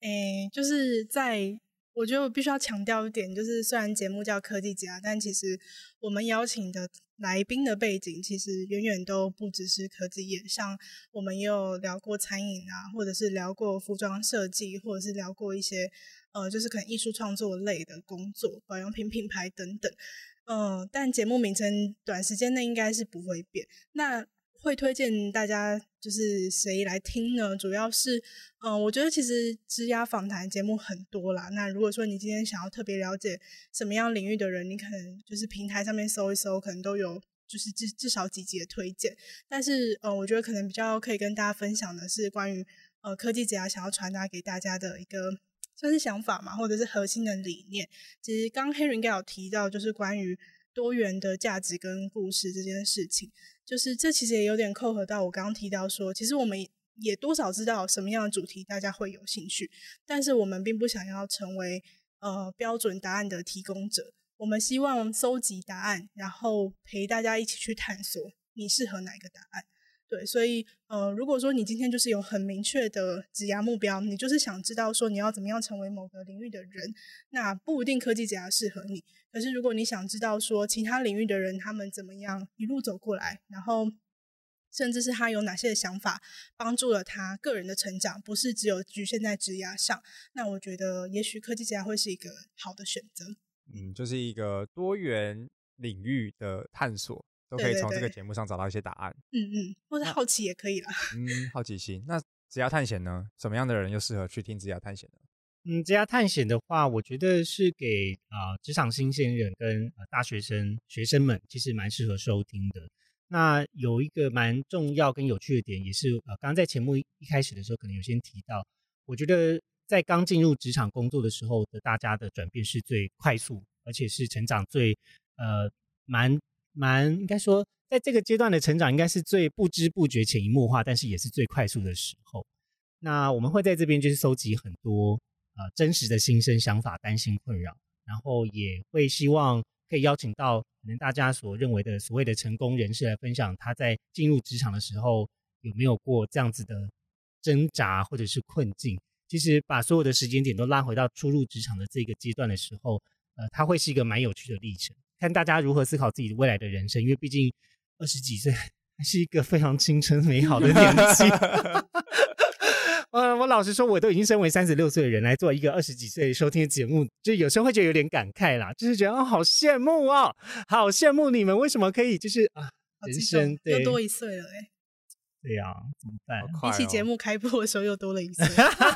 哎，就是在。我覺得我必須要強調一點，就是雖然節目叫科技職涯，但其實我們邀請的來賓的背景其實遠遠都不只是科技業，像我們也有聊過餐飲啊，或者是聊過服裝設計，或者是聊過一些呃，就是可能藝術創作類的工作，保養品品牌等等。嗯、呃，但節目名稱短時間內應該是不會變。那會推薦大家，就是誰來聽呢？主要是，嗯、呃，我覺得其實職涯訪談節目很多啦。那如果說你今天想要特別了解什麼樣領域的人，你可能就是平台上面搜一搜，可能都有，就是至至少幾集的推薦。但是，嗯、呃，我覺得可能比較可以跟大家分享的是關於呃科技職涯想要傳達給大家的一個算是想法嘛，或者是核心的理念。其實剛 Henry 有提到，就是關於多元的價值跟故事這件事情。就是這其實也有點扣合到我剛剛提到說，其實我們也多少知道什麼樣的主題大家會有興趣，但是我們並不想要成為呃標準答案的提供者，我們希望我們搜集答案，然後陪大家一起去探索你適合哪一個答案。對，所以，呃，如果說你今天就是有很明確的職涯目標，你就是想知道說你要怎麼樣成為某個領域的人，那不一定科技職涯適合你。可是，如果你想知道說其他領域的人他們怎麼樣一路走過來，然後甚至是他有哪些想法幫助了他個人的成長，不是只有局限在職涯上，那我覺得也許科技職涯會是一個好的選擇。嗯，就是一個多元領域的探索。都可以從這個節目上找到一些答案。對對對。嗯，嗯嗯，或者好奇也可以了、啊，嗯，好奇心。那職涯探險呢？什麼樣的人又適合去聽職涯探險呢？嗯，職涯探險的話，我覺得是給啊、呃、職場新鮮人跟、呃、大學生學生們其實蠻適合收聽的。那有一個蠻重要跟有趣的點，也是啊，剛、呃、剛在節目一開始的時候可能有先提到，我覺得在剛進入職場工作的時候的大家的轉變是最快速，而且是成長最呃蠻。蠻蠻應該說，在這個階段的成長，應該是最不知不覺、潛移默化，但是也是最快速的時候。那我們會在這邊就是搜集很多呃真實的心聲、想法、擔心、困擾，然後也會希望可以邀請到可能大家所認為的所謂的成功人士來分享他在進入職場的時候有沒有過這樣子的掙扎或者是困境。其實把所有的時間點都拉回到初入職場的這個階段的時候，呃，它會是一個蠻有趣的歷程。看大家如何思考自己未來的人生，因為畢竟二十幾歲是一個非常青春美好的年紀。我、 呃、我老實說，我都已經身為三十六歲的人來做一個二十幾歲收聽的節目，就有時候會覺得有點感慨啦，就是覺得哦，好羨慕哦，好羨慕你們為什麼可以就是啊，人生好對又多一歲了哎、欸，對呀、啊，怎麼辦？比、哦、起節目開播的時候又多了一歲，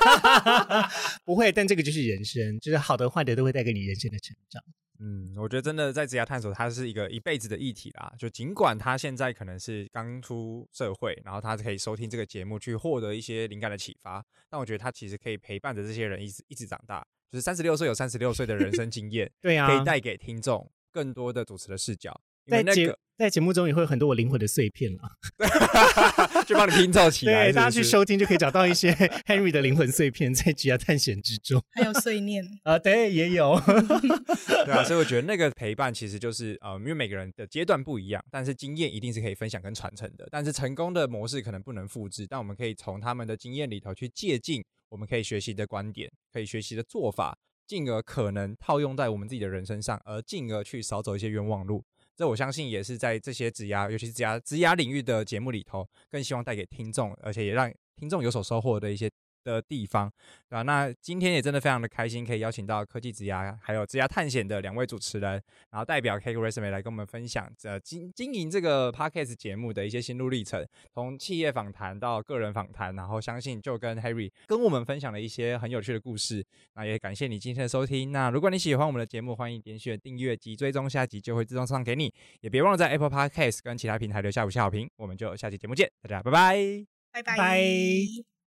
不會，但這個就是人生，就是好的壞的都會帶給你人生的成長。嗯，我覺得真的在職涯探索，它是一個一輩子的議題啦。就儘管他現在可能是剛出社會，然後他可以收聽這個節目去獲得一些靈感的啟發，但我覺得他其實可以陪伴着這些人一直一直長大。就是三十六歲有三十六歲的人生經驗， 對啊。可以帶給聽眾更多的主持的視角。那個、在節在節目中也會有很多我靈魂的碎片了、啊，就 幫你拼湊起來是是。對，大家去收聽就可以找到一些 Henry 的靈魂碎片在職涯探險之中，還有碎念啊、 呃，對，也有。 對啊，所以我覺得那個陪伴其實就是呃，因為每個人的階段不一樣，但是經驗一定是可以分享跟傳承的。但是成功的模式可能不能複製，但我們可以從他們的經驗裡頭去借鑑，我們可以學習的觀點，可以學習的做法，進而可能套用在我們自己的人身上，而進而去少走一些冤枉路。這我相信也是在這些職涯，尤其是職涯、職涯領域的節目裡頭，更希望帶給聽眾，而且也讓聽眾有所收穫的一些的地方，啊，那今天也真的非常的開心，可以邀請到科技職涯，還有職涯探險的兩位主持人，然後代表 CakeResume 來跟我們分享，這經經營這個 Podcast 節目的一些心路歷程，從企業訪談到個人訪談，然後相信 Jo 跟 Henry 跟我們分享了一些很有趣的故事。那也感謝你今天的收聽。那如果你喜歡我們的節目，歡迎點選訂閱及追蹤下集就會自動送上給你，也別忘了在 Apple Podcast 跟其他平台留下五星好評。我們就下期節目見，大家拜拜，拜拜。